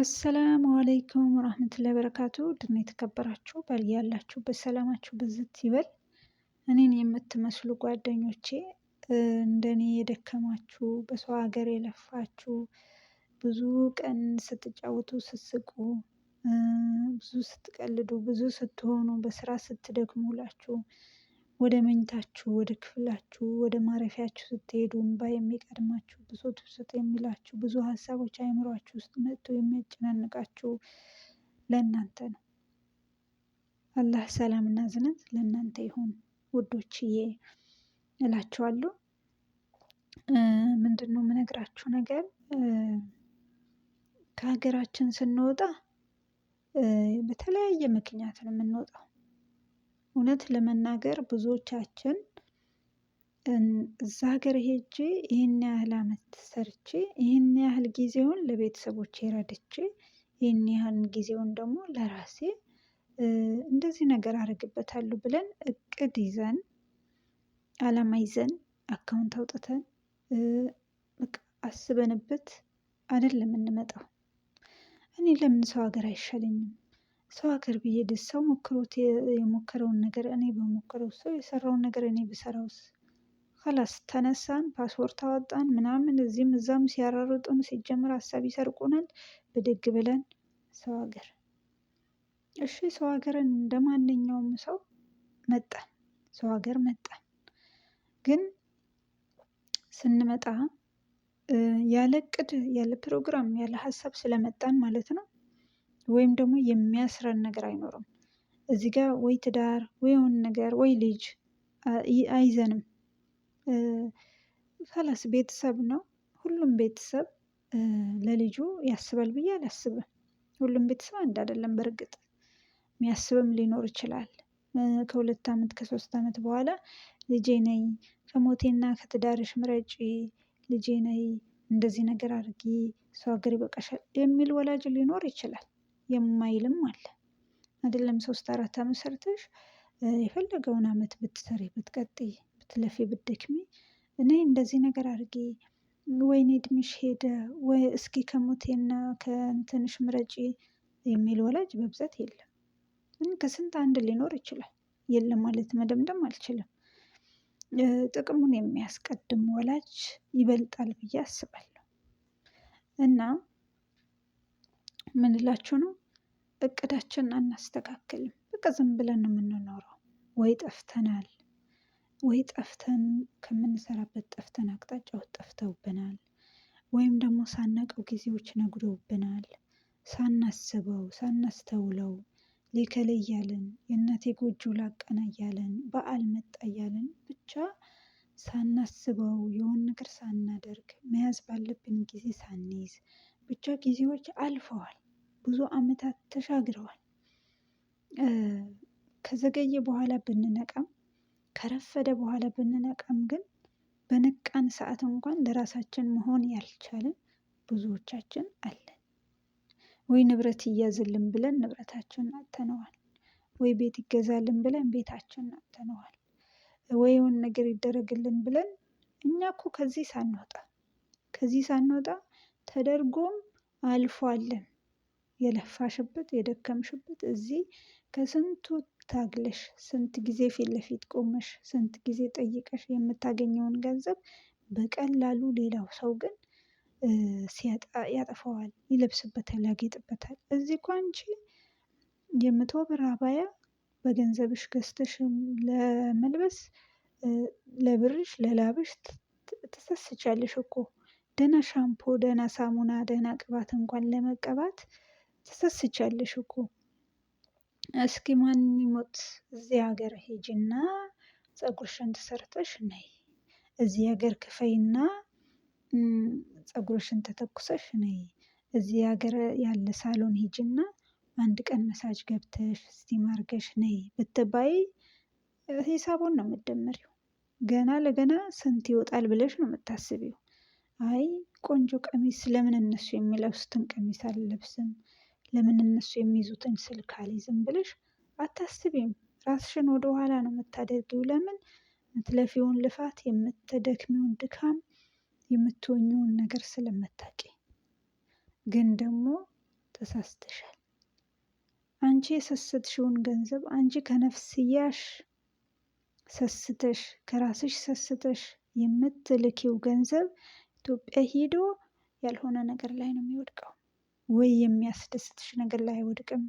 አሰላሙ አለይኩም ወራህመቱላሂ ወበረካቱ ድና የተከበራችሁ ባልያላችሁበት በሰላማችሁ ብዝት ይበል። እኔን የምትመስሉ ጓደኞቼ እንደኔ የደከማችሁ በሰው ሀገር የለፋችሁ ብዙ ቀን ስትጫወቱ ስትስቁ፣ ብዙ ስትቀልዱ፣ ብዙ ስትሆኑ፣ በስራ ስትደክሙላችሁ ወደ መኝታችሁ ወደ ክፍላችሁ ወደ ማረፊያችሁ ስትሄዱ እንባ የሚቀድማችሁ ብሶት ብሶት የሚላችሁ ብዙ ሀሳቦች አይምሯችሁ ውስጥ መጥቶ የሚያጨናንቃችሁ ለእናንተ ነው። አላህ ሰላምና ዝነት ለእናንተ ይሁን ውዶችዬ እላችኋለሁ። ምንድን ነው የምነግራችሁ ነገር ከሀገራችን ስንወጣ በተለያየ ምክንያት ነው የምንወጣው እውነት ለመናገር ብዙዎቻችን እዛ ሀገር ሄጄ ይህን ያህል አመት ሰርቼ ይህን ያህል ጊዜውን ለቤተሰቦቼ ረድቼ ይህን ያህል ጊዜውን ደግሞ ለራሴ እንደዚህ ነገር አደርግበታለሁ ብለን እቅድ ይዘን አላማ ይዘን አካውንት አውጥተን አስበንበት አይደለም የምንመጣው። እኔ ለምን ሰው ሀገር አይሻለኝም? ሰው ሀገር ብሄድ ሰው ሞክሮት የሞከረውን ነገር እኔ በሞከረው ሰው የሰራውን ነገር እኔ ብሰራውስ ከላስ ተነሳን፣ ፓስፖርት አወጣን፣ ምናምን እዚህም እዛም ሲያራርጡን፣ ሲጀምር ሀሳብ ይሰርቁናል። ብድግ ብለን ሰው ሀገር እሺ፣ ሰው ሀገርን እንደ ማንኛውም ሰው መጣን፣ ሰው ሀገር መጣን። ግን ስንመጣ ያለ እቅድ ያለ ፕሮግራም ያለ ሀሳብ ስለመጣን ማለት ነው ወይም ደግሞ የሚያስረን ነገር አይኖርም። እዚህ ጋር ወይ ትዳር ወይ የሆነ ነገር ወይ ልጅ አይዘንም። ፈለስ ቤተሰብ ነው። ሁሉም ቤተሰብ ለልጁ ያስባል ብዬ አላስብም። ሁሉም ቤተሰብ አንድ አይደለም። በእርግጥ የሚያስብም ሊኖር ይችላል። ከሁለት ዓመት ከሶስት ዓመት በኋላ ልጄ ነይ ከሞቴና ከትዳርሽ ምረጪ፣ ልጄ ነይ እንደዚህ ነገር አድርጊ፣ ሰው ሀገር ይበቃሻል የሚል ወላጅ ሊኖር ይችላል። የማይልም አለ። አይደለም ሶስት አራት አመት ሰርተሽ የፈለገውን አመት ብትሰሪ ብትቀጥይ ብትለፊ ብትደክሚ እኔ እንደዚህ ነገር አድርጌ ወይኔ እድሜሽ ሄደ ወይ እስኪ ከሞቴና ከእንትንሽ ምረጪ የሚል ወላጅ በብዛት የለም። ግን ከስንት አንድ ሊኖር ይችላል የለም ማለት መደምደም አልችልም። ጥቅሙን የሚያስቀድም ወላጅ ይበልጣል ብዬ አስባለሁ። እና ምንላችሁ ነው? እቅዳችንን አናስተካክልም። በቃ ዝም ብለን ነው የምንኖረው። ወይ ጠፍተናል፣ ወይ ጠፍተን ከምንሰራበት ጠፍተን አቅጣጫዎች ጠፍተውብናል፣ ወይም ደግሞ ሳናቀው ጊዜዎች ነጉደውብናል። ሳናስበው ሳናስተውለው ሊከለ እያለን የእናቴ ጎጆ ላቀና እያለን በዓል መጣ እያለን ብቻ ሳናስበው የሆን ነገር ሳናደርግ መያዝ ባለብን ጊዜ ሳንይዝ ብቻ ጊዜዎች አልፈዋል፣ ብዙ ዓመታት ተሻግረዋል። ከዘገየ በኋላ ብንነቃም ከረፈደ በኋላ ብንነቃም ግን በነቃን ሰዓት እንኳን ለራሳችን መሆን ያልቻልን ብዙዎቻችን አለን። ወይ ንብረት ይያዝልን ብለን ንብረታችንን አጥተነዋል። ወይ ቤት ይገዛልን ብለን ቤታችንን አጥተነዋል። ወይ የሆነ ነገር ይደረግልን ብለን እኛ እኮ ከዚህ ሳንወጣ ከዚህ ሳንወጣ ተደርጎም አልፏለን የለፋሽበት የደከምሽበት እዚህ ከስንቱ ታግለሽ ስንት ጊዜ ፊት ለፊት ቆመሽ ስንት ጊዜ ጠይቀሽ የምታገኘውን ገንዘብ በቀላሉ ሌላው ሰው ግን ሲያጣ ያጠፋዋል፣ ይለብስበታል፣ ያጌጥበታል። እዚህ እኮ አንቺ የመቶ ብር አባያ በገንዘብሽ ገዝተሽ ለመልበስ ለብርሽ ለላብሽ ትሰስቻለሽ እኮ ደህና ሻምፖ፣ ደህና ሳሙና፣ ደህና ቅባት እንኳን ለመቀባት ትሰስቻለሽ እኮ። እስኪ ማን ይሞት እዚህ ሀገር ሂጂና ፀጉርሽን ተሰርተሽ ነይ። እዚህ ሀገር ክፈይና ፀጉርሽን ተተኩሰሽ ነይ። እዚህ ሀገር ያለ ሳሎን ሂጂና አንድ ቀን መሳጅ ገብተሽ ስቲም አርገሽ ነይ ብትባይ ሂሳቡን ነው የምትደምሪው። ገና ለገና ስንት ይወጣል ብለሽ ነው የምታስቢው። አይ ቆንጆ ቀሚስ ለምን እነሱ የሚለብሱትን ቀሚስ አልለብስም፣ ለምን እነሱ የሚይዙትን ስልክ አልይዝም ብለሽ አታስቢም። ራስሽን ወደ ኋላ ነው የምታደርጊው። ለምን የምትለፊውን ልፋት፣ የምትደክሚውን ድካም፣ የምትወኘውን ነገር ስለምታቂ። ግን ደግሞ ተሳስተሻል። አንቺ የሰስትሽውን ገንዘብ አንቺ ከነፍስያሽ ሰስተሽ ከራስሽ ሰስተሽ የምትልኪው ገንዘብ ኢትዮጵያ ሄዶ ያልሆነ ነገር ላይ ነው የሚወድቀው። ወይ የሚያስደስትሽ ነገር ላይ አይወድቅም፣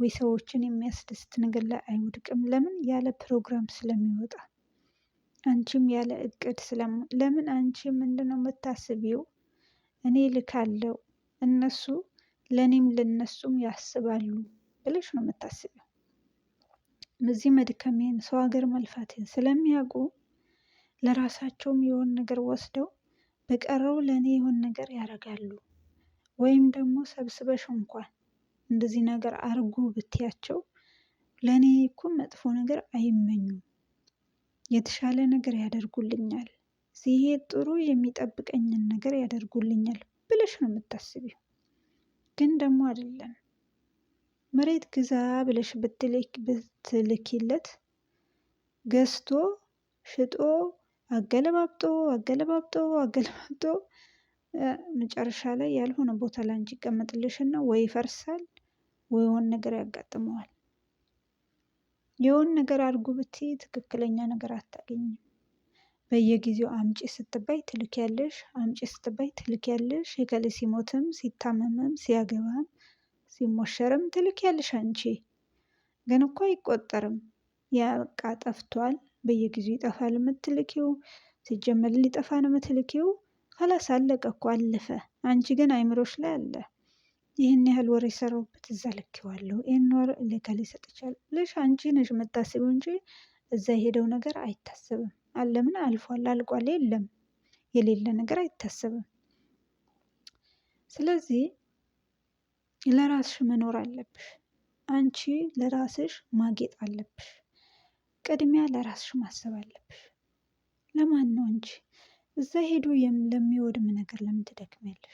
ወይ ሰዎችን የሚያስደስት ነገር ላይ አይወድቅም። ለምን? ያለ ፕሮግራም ስለሚወጣ አንቺም ያለ እቅድ ለምን? አንቺ ምንድነው የምታስቢው? እኔ ልካለው እነሱ ለእኔም ለነሱም ያስባሉ ብለሽ ነው የምታስቢው። እዚህ መድከሜን ሰው ሀገር መልፋቴን ስለሚያውቁ ለራሳቸውም የሆን ነገር ወስደው በቀረው ለእኔ የሆን ነገር ያደርጋሉ። ወይም ደግሞ ሰብስበሽ እንኳን እንደዚህ ነገር አርጉ ብትያቸው ለእኔ እኮ መጥፎ ነገር አይመኙም። የተሻለ ነገር ያደርጉልኛል፣ ሲሄድ ጥሩ የሚጠብቀኝን ነገር ያደርጉልኛል ብለሽ ነው የምታስቢው። ግን ደግሞ አይደለም። መሬት ግዛ ብለሽ ብትልኪለት ገዝቶ ሽጦ አገለባብጦ አገለባብጦ አገለባብጦ መጨረሻ ላይ ያልሆነ ቦታ ላይ አንቺ ይቀመጥልሽና ወይ ይፈርሳል ወይ የሆነ ነገር ያጋጥመዋል። የሆነ ነገር አድርጉ ብትይ ትክክለኛ ነገር አታገኝም። በየጊዜው አምጪ ስትባይ ትልክ ያለሽ አምጪ ስትባይ ትልክ ያለሽ የገሌ ሲሞትም ሲታመምም ሲያገባም ሲሞሸርም ትልክ ያለሽ አንቺ ግን እኮ አይቆጠርም። ያ በቃ ጠፍቷል በየጊዜው ይጠፋል የምትልኪው ሲጀመር ሊጠፋ ነው የምትልኪው። ከላስ አለቀ እኮ አለፈ። አንቺ ግን አይምሮሽ ላይ አለ። ይህን ያህል ወር የሰራሁበት እዛ ልኬዋለሁ፣ ይህን ወር ለከሌ ሰጥቻለሁ ብለሽ አንቺ ነሽ የምታስቢው እንጂ እዛ የሄደው ነገር አይታሰብም። አለምን አልፏል፣ አልቋል፣ የለም የሌለ ነገር አይታሰብም። ስለዚህ ለራስሽ መኖር አለብሽ። አንቺ ለራስሽ ማጌጥ አለብሽ። ቅድሚያ ለራስሽ ማሰብ አለብሽ። ለማን ነው እንጂ እዛ ሄዶ ለሚወድም ነገር ለምን ትደክሚያለሽ?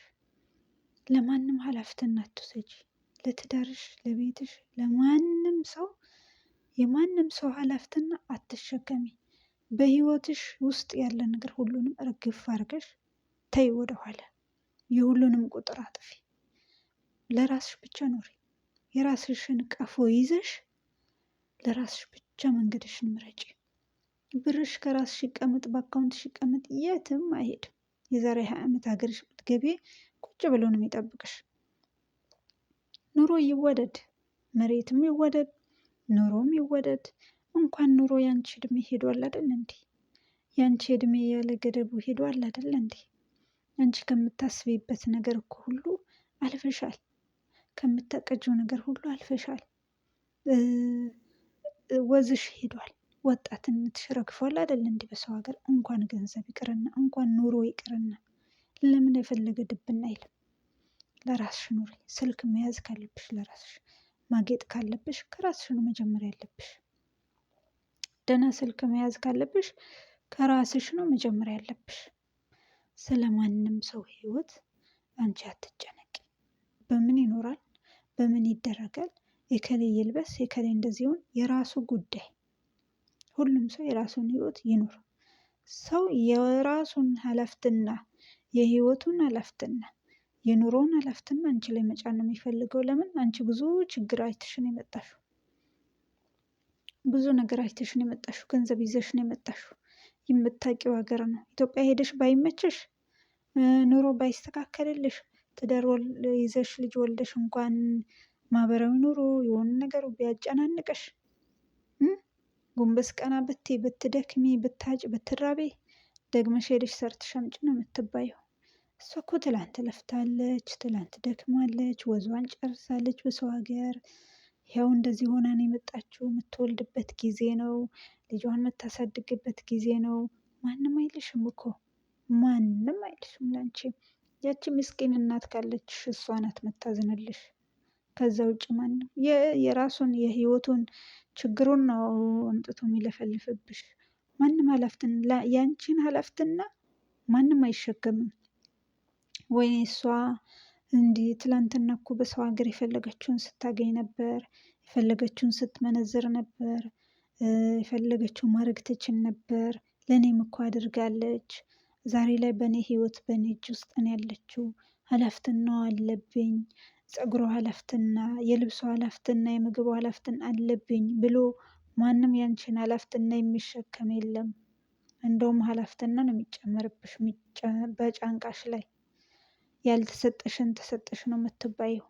ለማንም ኃላፊነት አትውሰጂ። ለትዳርሽ፣ ለቤትሽ፣ ለማንም ሰው የማንም ሰው ኃላፊነት አትሸከሚ። በህይወትሽ ውስጥ ያለ ነገር ሁሉንም እርግፍ አድርገሽ ተይ ወደኋላ። የሁሉንም ቁጥር አጥፊ። ለራስሽ ብቻ ኖሪ። የራስሽን ቀፎ ይዘሽ ለራስሽ ብቻ ብቻ መንገድሽን ምረጪ። ብርሽ ከራስ ሽቀምጥ በአካውንት ሽቀምጥ የትም አይሄድም። የዛሬ ሀያ ዓመት ሀገርሽ ብትገቢ ቁጭ ብሎ ነው የሚጠብቅሽ። ኑሮ ይወደድ፣ መሬትም ይወደድ፣ ኑሮም ይወደድ። እንኳን ኑሮ ያንቺ እድሜ ሄዷል አይደል እንዴ? ያንቺ እድሜ ያለ ገደቡ ሄዷል አይደል እንዴ? አንቺ ከምታስቢበት ነገር እኮ ሁሉ አልፈሻል። ከምታቀጀው ነገር ሁሉ አልፈሻል። ወዝሽ ሄዷል። ወጣትነትሽ ረግፏል አይደል? እንዲህ በሰው ሀገር እንኳን ገንዘብ ይቅርና እንኳን ኑሮ ይቅርና ለምን የፈለገ ድብና አይልም። ለራስሽ ኑሪ። ስልክ መያዝ ካለብሽ ለራስሽ፣ ማጌጥ ካለብሽ ከራስሽ ነው መጀመሪያ ያለብሽ። ደህና ስልክ መያዝ ካለብሽ ከራስሽ ነው መጀመሪያ ያለብሽ። ስለ ማንም ሰው ህይወት አንቺ አትጨነቂ። በምን ይኖራል፣ በምን ይደረጋል የከሌ ይልበስ የከሌ እንደዚሁን የራሱ ጉዳይ። ሁሉም ሰው የራሱን ህይወት ይኑር። ሰው የራሱን ኃላፊነትና የህይወቱን ኃላፊነትና የኑሮውን ሀላፍትና አንቺ ላይ መጫን ነው የሚፈልገው። ለምን አንቺ ብዙ ችግር አይተሽ ነው የመጣሽው፣ ብዙ ነገር አይተሽ ነው የመጣሽው፣ ገንዘብ ይዘሽ ነው የመጣሽው። የምታውቂው ሀገር ነው ኢትዮጵያ። ሄደሽ ባይመችሽ ኑሮ ባይስተካከልልሽ፣ ትዳር ይዘሽ ልጅ ወልደሽ እንኳን ማህበራዊ ኑሮ የሆነ ነገሩ ቢያጨናንቅሽ ጎንበስ ቀና ብቴ ብትደክሚ ብታጭ ብትራቤ ደግመሽ ሄደሽ ሰርተሽ አምጪ ነው የምትባየው። እሷ እኮ ትላንት ለፍታለች፣ ትላንት ደክማለች፣ ወዟን ጨርሳለች በሰው ሀገር ያው እንደዚህ ሆና ነው የመጣችው። የምትወልድበት ጊዜ ነው፣ ልጇን የምታሳድግበት ጊዜ ነው። ማንም አይልሽም እኮ ማንም አይልሽም ላንቺ። ያቺ ምስኪን እናት ካለች እሷ ናት የምታዝንልሽ። ከዛ ውጭ ማንም የራሱን የህይወቱን ችግሩን ነው አምጥቶ የሚለፈልፍብሽ። ማንም ኃላፊነት ያንቺን ኃላፊነት ማንም አይሸከምም። ወይ እሷ እንዲህ ትላንትና እኮ በሰው ሀገር የፈለገችውን ስታገኝ ነበር፣ የፈለገችውን ስትመነዝር ነበር፣ የፈለገችውን ማድረግ ትችል ነበር፣ ለእኔም እኮ አድርጋለች። ዛሬ ላይ በእኔ ህይወት በእኔ እጅ ውስጥ ነው ያለችው፣ ኃላፊነቷ አለብኝ የፀጉሩ ሀላፍትና የልብሱ ኃላፊትና የምግቡ ኃላፊትና አለብኝ ብሎ ማንም ያንቺን ኃላፊትና የሚሸከም የለም። እንደውም ሀላፍትና ነው የሚጨመርብሽ በጫንቃሽ ላይ ያልተሰጠሽን ተሰጠሽ ነው የምትባየው።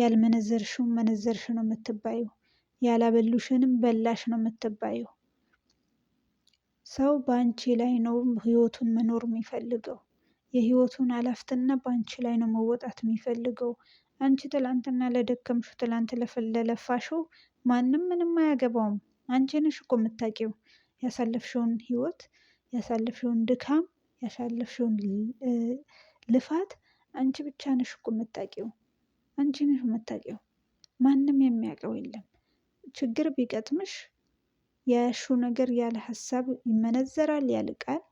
ያልመነዘርሽውን መነዘርሽ ነው የምትባየው። ያላበሉሽንም በላሽ ነው የምትባየው። ሰው በአንቺ ላይ ነው ህይወቱን መኖር የሚፈልገው። የህይወቱን ኃላፊትና በአንቺ ላይ ነው መወጣት የሚፈልገው። አንቺ ትላንትና ለደከምሹ ትላንት ለለፋሹ ማንም ምንም አያገባውም። አንቺ ነሽ እኮ የምታውቂው ያሳለፍሽውን ህይወት፣ ያሳለፍሽውን ድካም፣ ያሳለፍሽውን ልፋት አንቺ ብቻ ነሽ እኮ የምታውቂው። አንቺ ነሽ የምታውቂው፣ ማንም የሚያውቀው የለም። ችግር ቢቀጥምሽ ያያሹ ነገር ያለ ሀሳብ ይመነዘራል፣ ያለ ቃል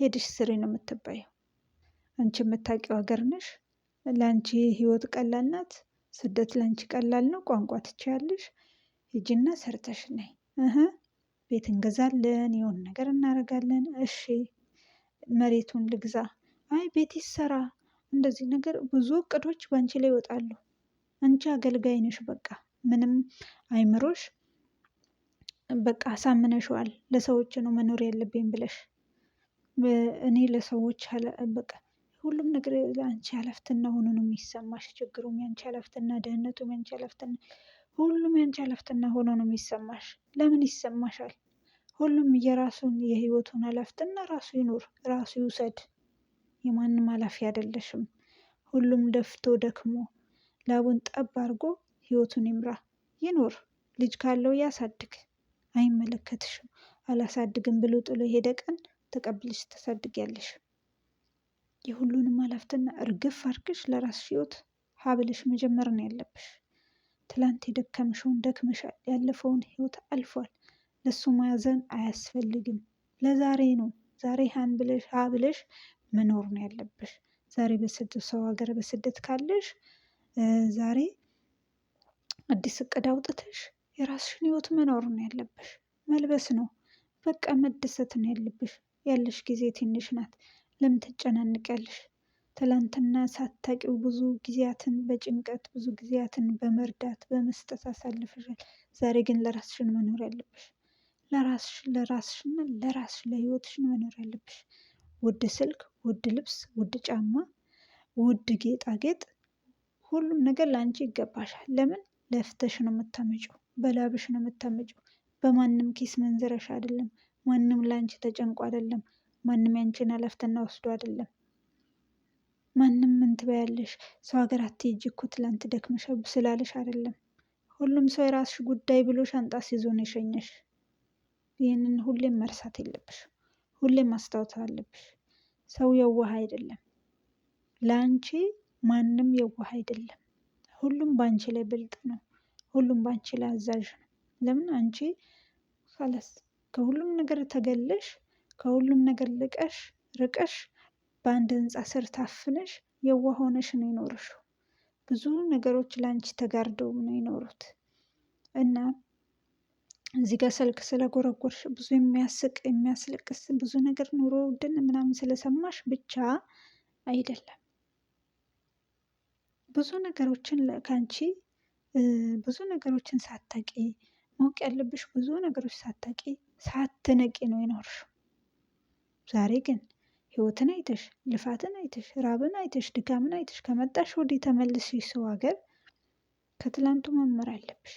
ሄድሽ ስሪ ነው የምትባየው። አንቺ የምታውቂው ሀገር ነሽ ለአንቺ ህይወት ቀላል ናት ስደት ለአንቺ ቀላል ነው ቋንቋ ትችያለሽ ሂጂና ሰርተሽ ነይ እህ ቤት እንገዛለን የሆን ነገር እናደርጋለን እሺ መሬቱን ልግዛ አይ ቤት ይሰራ እንደዚህ ነገር ብዙ እቅዶች በአንቺ ላይ ይወጣሉ አንቺ አገልጋይ ነሽ በቃ ምንም አይምሮሽ በቃ አሳምነሽዋል ለሰዎች ነው መኖር ያለብኝ ብለሽ እኔ ለሰዎች በቃ ሁሉም ነገር ለአንቺ ያለፍትና ሆኖ ነው የሚሰማሽ። ችግሩም ያንቺ ያለፍትና፣ ድህነቱም ያንቺ ያለፍትና፣ ሁሉም ያንቺ ያለፍትና ሆኖ ነው የሚሰማሽ። ለምን ይሰማሻል? ሁሉም የራሱን የህይወቱን ሀላፊትና ራሱ ይኑር፣ ራሱ ይውሰድ። የማንም ሀላፊ አይደለሽም። ሁሉም ደፍቶ ደክሞ ላቡን ጠብ አድርጎ ህይወቱን ይምራ ይኑር። ልጅ ካለው ያሳድግ። አይመለከትሽም። አላሳድግም ብሎ ጥሎ የሄደ ቀን ተቀብልሽ ታሳድጊያለሽ። የሁሉንም ኃላፊነትና እርግፍ አድርገሽ ለራስሽ ህይወት ሀብልሽ መጀመር ነው ያለብሽ። ትላንት የደከምሽውን ደክመሻል። ያለፈውን ህይወት አልፏል። ለሱ ማዘን አያስፈልግም። ለዛሬ ነው ዛሬ ሀን ብለሽ መኖር ነው ያለብሽ። ዛሬ በስደት ሰው ሀገር በስደት ካለሽ ዛሬ አዲስ እቅድ አውጥተሽ የራስሽን ህይወት መኖር ነው ያለብሽ። መልበስ ነው በቃ መደሰት ነው ያለብሽ። ያለሽ ጊዜ ትንሽ ናት። ለምን ትጨናንቂያለሽ? ትላንትና ሳታውቂው ብዙ ጊዜያትን በጭንቀት ብዙ ጊዜያትን በመርዳት በመስጠት አሳልፈሻል። ዛሬ ግን ለራስሽን መኖር ያለብሽ ለራስሽ ለራስሽና ለራስሽ ለህይወትሽን መኖር ያለብሽ። ውድ ስልክ፣ ውድ ልብስ፣ ውድ ጫማ፣ ውድ ጌጣጌጥ ሁሉም ነገር ለአንቺ ይገባሻል። ለምን ለፍተሽ ነው የምታመጪው፣ በላብሽ ነው የምታመጪው። በማንም ኪስ መንዝረሽ አይደለም። ማንም ለአንቺ ተጨንቆ አይደለም። ማንም ያንቺን አለፍትና ወስዶ አይደለም። ማንም ምን ትበያለሽ፣ ሰው ሀገር አትሄጂ እኮ ትላንት ደክመሽ ስላለሽ አይደለም። ሁሉም ሰው የራስሽ ጉዳይ ብሎ ሻንጣ ሲዞ ነው የሸኘሽ። ይህንን ሁሌም መርሳት የለብሽ፣ ሁሌም ማስታወት አለብሽ። ሰው የዋህ አይደለም፣ ለአንቺ ማንም የዋህ አይደለም። ሁሉም በአንቺ ላይ ብልጥ ነው፣ ሁሉም በአንቺ ላይ አዛዥ ነው። ለምን አንቺ ከሁሉም ነገር ተገለሽ ከሁሉም ነገር ልቀሽ ርቀሽ በአንድ ህንፃ ስር ታፍነሽ የዋህ ሆነሽ ነው የኖርሽው። ብዙ ነገሮች ለአንቺ ተጋርደው ነው የኖሩት እና እዚህ ጋር ስልክ ስለጎረጎርሽ ብዙ የሚያስቅ የሚያስለቅስ ብዙ ነገር ኑሮ ውድን ምናምን ስለሰማሽ ብቻ አይደለም። ብዙ ነገሮችን ከአንቺ ብዙ ነገሮችን ሳታቂ ማወቅ ያለብሽ ብዙ ነገሮች ሳታቂ ሳትነቂ ነው የኖርሽው። ዛሬ ግን ህይወትን አይተሽ ልፋትን አይተሽ ራብን አይተሽ ድካምን አይተሽ ከመጣሽ ወዲህ ተመልሰሽ ሰው ሀገር ከትላንቱ መማር አለብሽ።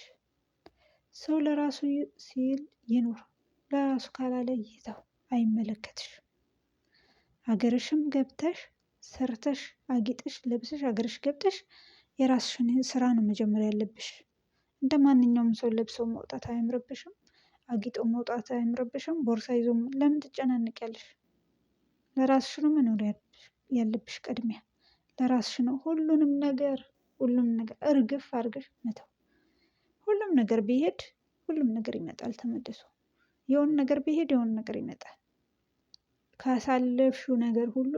ሰው ለራሱ ሲል ይኑር፣ ለራሱ ካላለ ይተው፣ አይመለከትሽ። አገርሽም ገብተሽ ሰርተሽ አጊጥሽ ለብሰሽ አገርሽ ገብተሽ የራስሽን ስራ ነው መጀመሪያ ያለብሽ። እንደ ማንኛውም ሰው ለብሶ መውጣት አያምርብሽም፣ አጊጦ መውጣት አያምርብሽም። ቦርሳ ይዞ ለምን ትጨናነቂያለሽ? ለራስሽ ነው መኖር ያለብሽ። ቅድሚያ ለራስሽ ነው። ሁሉንም ነገር ሁሉም ነገር እርግፍ አድርገሽ መተው። ሁሉም ነገር ቢሄድ ሁሉም ነገር ይመጣል ተመልሶ። የሆን ነገር ቢሄድ የሆን ነገር ይመጣል። ካሳለፍሽው ነገር ሁሉ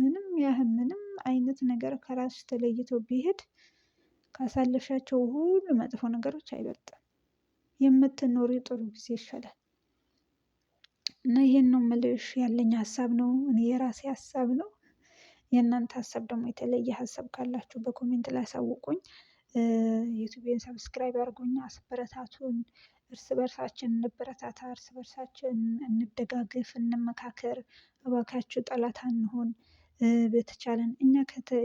ምንም ያህል ምንም አይነት ነገር ከራስሽ ተለይቶ ቢሄድ ካሳለፍሻቸው ሁሉ መጥፎ ነገሮች አይበልጥም። የምትኖር ጥሩ ጊዜ ይሻላል። እና ይህን ነው የምልሽ ያለኝ ሀሳብ ነው። እኔ የራሴ ሀሳብ ነው። የእናንተ ሀሳብ ደግሞ የተለየ ሀሳብ ካላችሁ በኮሜንት ላይ አሳውቁኝ። ዩቲዩቤን ሰብስክራይብ አድርጉኝ፣ አስበረታቱን። እርስ በርሳችን እንበረታታ፣ እርስ በርሳችን እንደጋግፍ፣ እንመካከር። እባካችሁ ጠላት አንሆን። በተቻለን እኛ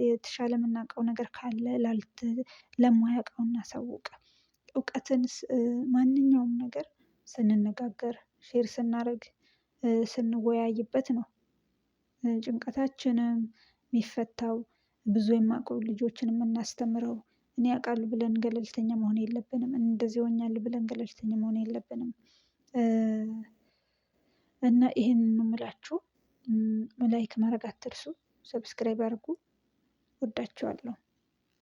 የተሻለ የምናውቀው ነገር ካለ ለማያውቀው እናሳውቅ። እውቀትን ማንኛውም ነገር ስንነጋገር ሼር ስናደርግ ስንወያይበት ነው ጭንቀታችንም የሚፈታው። ብዙ የማውቀው ልጆችን የምናስተምረው እኔ አውቃለሁ ብለን ገለልተኛ መሆን የለብንም እንደዚህ ሆኛለሁ ብለን ገለልተኛ መሆን የለብንም። እና ይህን ነው ላይክ ማድረግ አትርሱ ሰብስክራይብ አድርጉ። እወዳችኋለሁ